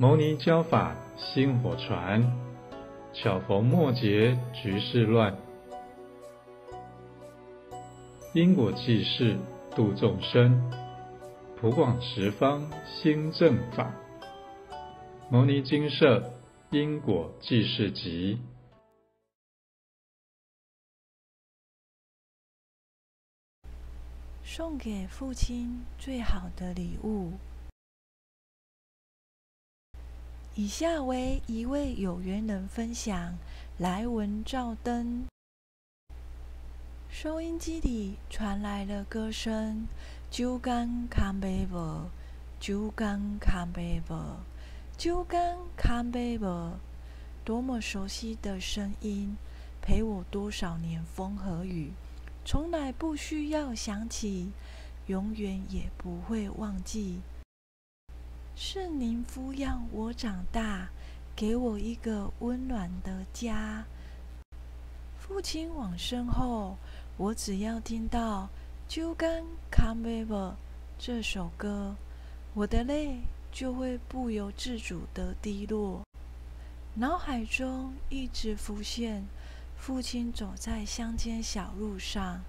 牟尼教法薪火傳，巧逢末劫局勢亂。因果濟世度眾生，普廣十方興正法。牟尼精舍，因果濟世集。送給父親最好的禮物。以下為一位有緣人分享：來文照登。收音機裡傳來了歌聲，酒矸倘賣無，酒矸倘賣無，酒矸倘賣無，多麼熟悉的聲音，陪我多少年風和雨，從來不需要想起，永遠也不會忘記。是您撫養我長大，給我一個溫暖的家。父親往生後，我只要聽到《酒干倘賣無》這首歌，我的淚就會不由自主的滴落，腦海中一直浮現父親走在鄉間小路上，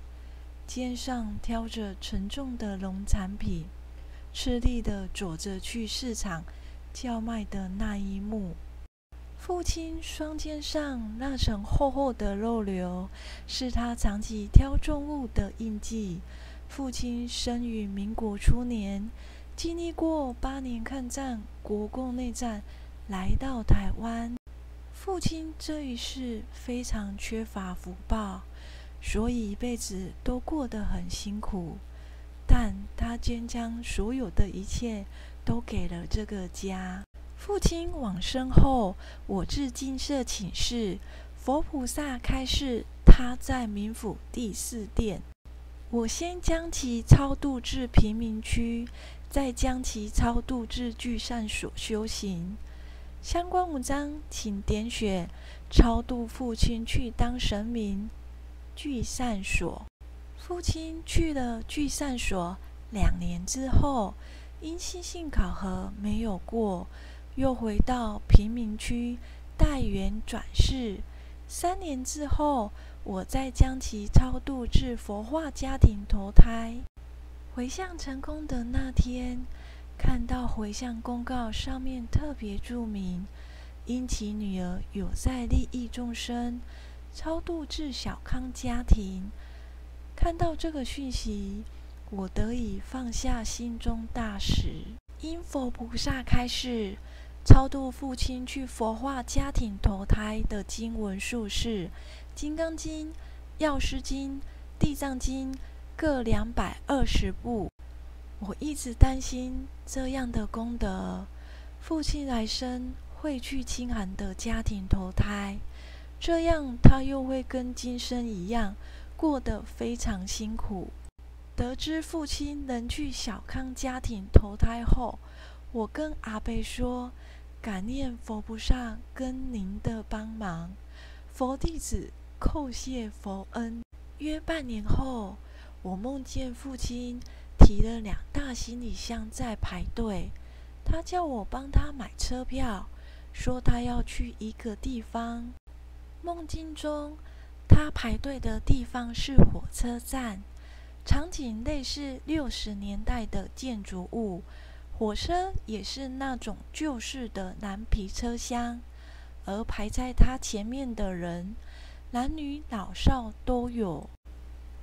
肩上挑着沉重的農產品。吃力地走着去市場叫賣的那一幕，父親雙肩上那層厚厚的肉瘤，是他長期挑重物的印記。父親生於民國初年，經歷過八年抗戰、國共內戰，來到台灣。父親這一世非常缺乏福報，所以一輩子都過得很辛苦。但他竟將所有的一切都給了這個家。父親往生後，我至精舍請示佛菩薩開示，他在冥府第四殿。我先將其超度至貧民區，再將其超度至聚善所修行。相關文章請點選超度父親去當神明聚善所。父親去了聚散所，兩年之後，因心性考核沒有過，又回到貧民區待緣轉世。三年之後，我再將其超度至佛化家庭投胎。回向成功的那天，看到回向公告上面特別注明，因其女兒有在利益眾生，超度至小康家庭。看到這個訊息，我得以放下心中大石。因佛菩薩開示，超度父親去佛化家庭投胎的經文數是《金剛經》《藥師經》《地藏經》各兩百二十部。我一直擔心這樣的功德，父親來生會去清寒的家庭投胎，這樣他又會跟今生一樣。過得非常辛苦。得知父親能去小康家庭投胎後，我跟阿伯說：“感念佛菩薩跟您的幫忙，佛弟子叩謝佛恩。”約半年後，我夢見父親提了兩大行李箱在排隊，他叫我幫他買車票，說他要去一個地方。夢境中。他排隊的地方是火車站，場景類似六十年代的建築物，火車也是那種舊式的藍皮車廂，而排在他前面的人，男女老少都有。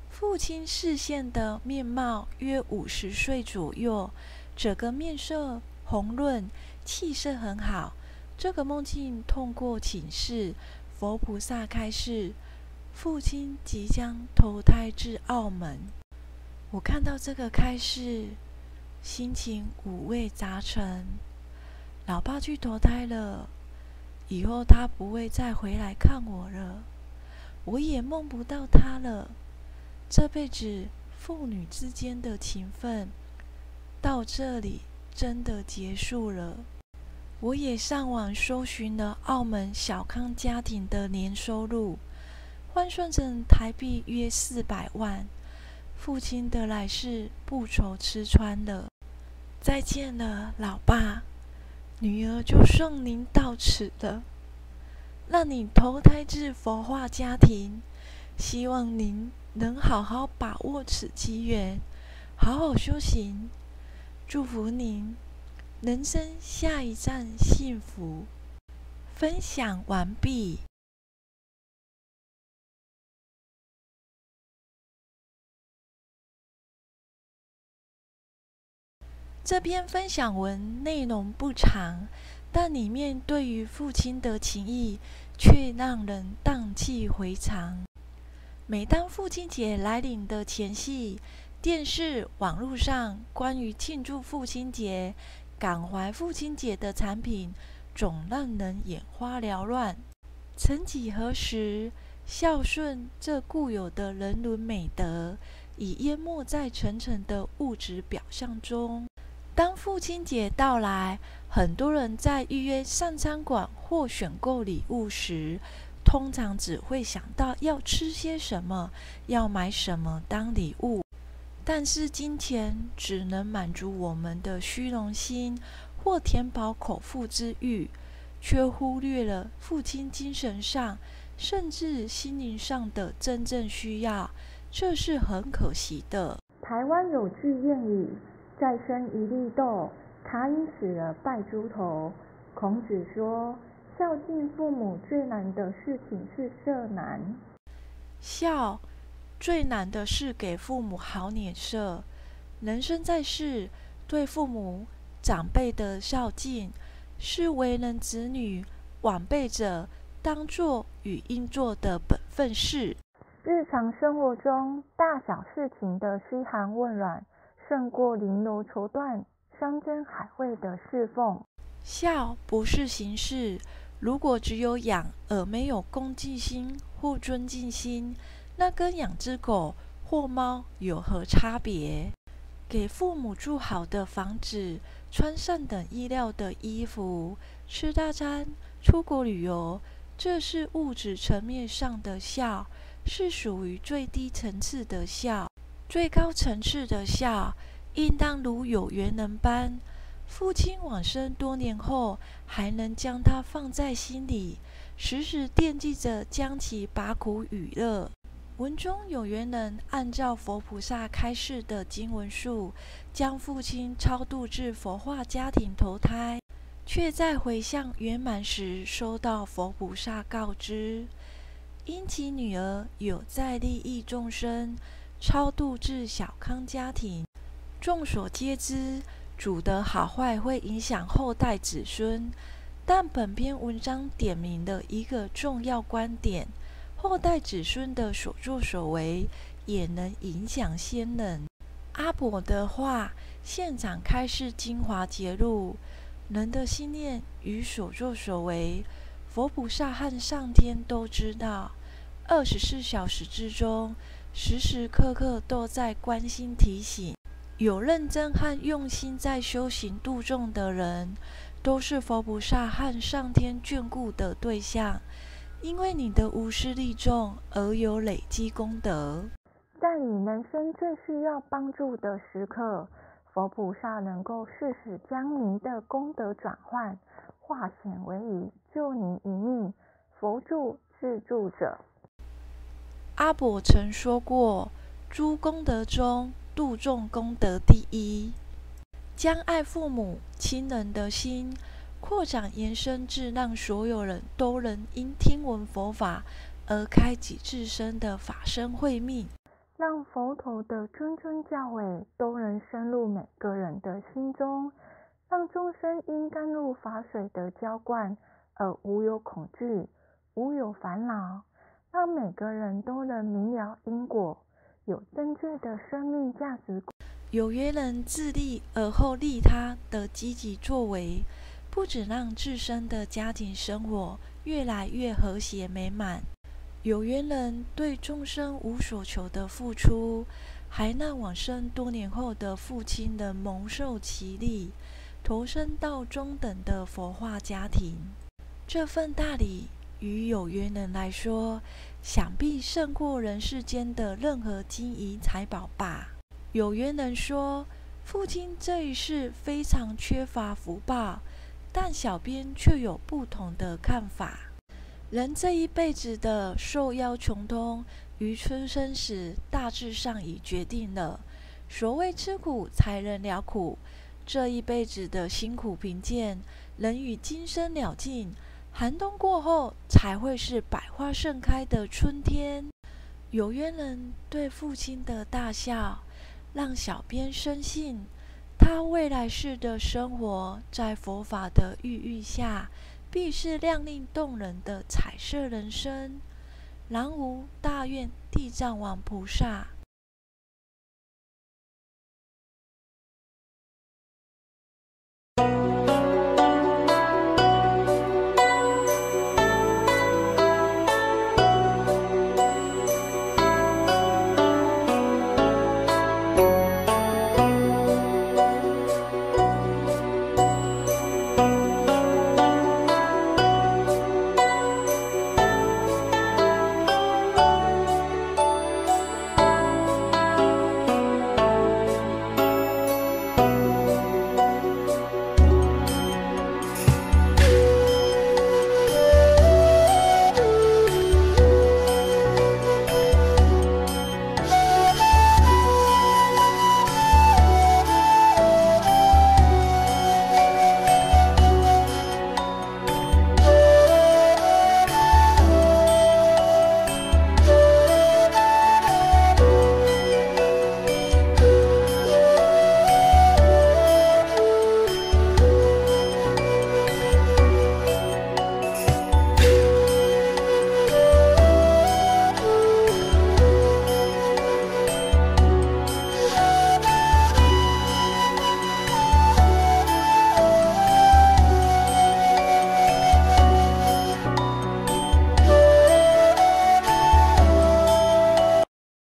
父親示現的面貌約五十歲左右，整個面色紅潤，氣色很好。這個夢境通過請示佛菩薩開示。父親即將投胎至澳門，我看到這個開示，心情五味雜陳。老爸去投胎了，以後他不會再回來看我了，我也夢不到他了。這輩子父女之間的情分到這裡真的結束了。我也上網搜尋了澳門小康家庭的年收入。換算成台幣約四百萬，父親的來世不愁吃穿了。再見了，老爸，女兒就送您到此了。讓您投胎至佛化家庭，希望您能好好把握此機緣，好好修行。祝福您，人生下一站幸福。分享完畢。這篇分享文內容不長，但裡面對於父親的情誼卻讓人盪氣迴腸。每當父親節來臨的前夕，電視、網絡上關於慶祝父親節、感懷父親節的產品總讓人眼花繚亂。曾幾何時，孝順這固有的人倫美德已淹沒在層層的物質表象中。當父親節到來，很多人在預約上餐館或選購禮物時，通常只會想到要吃些什麼，要買什麼當禮物。但是金錢只能滿足我們的虛榮心或填飽口腹之欲，卻忽略了父親精神上甚至心靈上的真正需要，這是很可惜的。台灣有句諺語。再生一粒豆，卡贏死了拜豬頭。孔子說：“孝敬父母最難的事情，是色難，孝最難的是給父母好臉色。人生在世，對父母長輩的孝敬，是為人子女晚輩者當做與應做的本分事。日常生活中，大小事情的噓寒問暖。”勝過綾羅綢緞、山珍海味的侍奉。孝不是形式，如果只有養而沒有恭敬心或尊敬心，那跟養隻狗或貓有何差別？給父母住好的房子，穿上等衣料的衣服，吃大餐，出國旅遊，這是物質層面上的孝，是屬於最低層次的孝。最高層次的孝，應當如有緣人般，父親往生多年後，還能將他放在心裡，時時惦記着，將其拔苦與樂。文中，有緣人按照佛菩薩開示的經文術，將父親超度至佛化家庭投胎，卻在回向圓滿時，收到佛菩薩告知，因其女兒有在利益眾生。超度至小康家庭。眾所皆知，主的好壞會影響後代子孫。但本篇文章點明了一個重要觀點，後代子孫的所作所為也能影響先人。阿伯的話，現場開示精華節錄，人的心念與所作所為，佛菩薩和上天都知道。二十四小時之中。時時刻刻都在關心提醒，有認真和用心在修行度眾的人，都是佛菩薩和上天眷顧的對象，因為你的無私利眾而有累積功德，在你人生最需要幫助的時刻，佛菩薩能夠適時將您的功德轉換，化險為夷，救你一命，佛助自助者。阿伯曾說過：“諸功德中，度眾功德第一。將愛父母、親人的心擴展延伸至讓所有人都能因聽聞佛法而開啟自身的法身慧命，讓佛陀的諄諄教誨都能深入每個人的心中，讓眾生因甘露法水的澆灌而無有恐懼，無有煩惱。”讓每個人都能明了因果，有正確的生命價值觀，有緣人自立而後利他的積極作為，不止讓自身的家庭生活越來越和諧美滿。有緣人對眾生無所求的付出，還讓往生多年後的父親能蒙受其利，投身到中等的佛化家庭，這份大禮。於有緣人來說，想必勝過人世間的任何金銀財寶吧。有緣人說：“父親這一世非常缺乏福報，但小編卻有不同的看法。人這一輩子的壽夭窮通，於出生時大致上已決定了。所謂吃苦才能了苦，這一輩子的辛苦貧賤，能於今生了盡。”寒冬過後，才會是百花盛開的春天。有緣人對父親的大笑，讓小編深信，他未來世的生活在佛法的孕育下，必是亮麗動人的彩色人生。南無大願地藏王菩薩。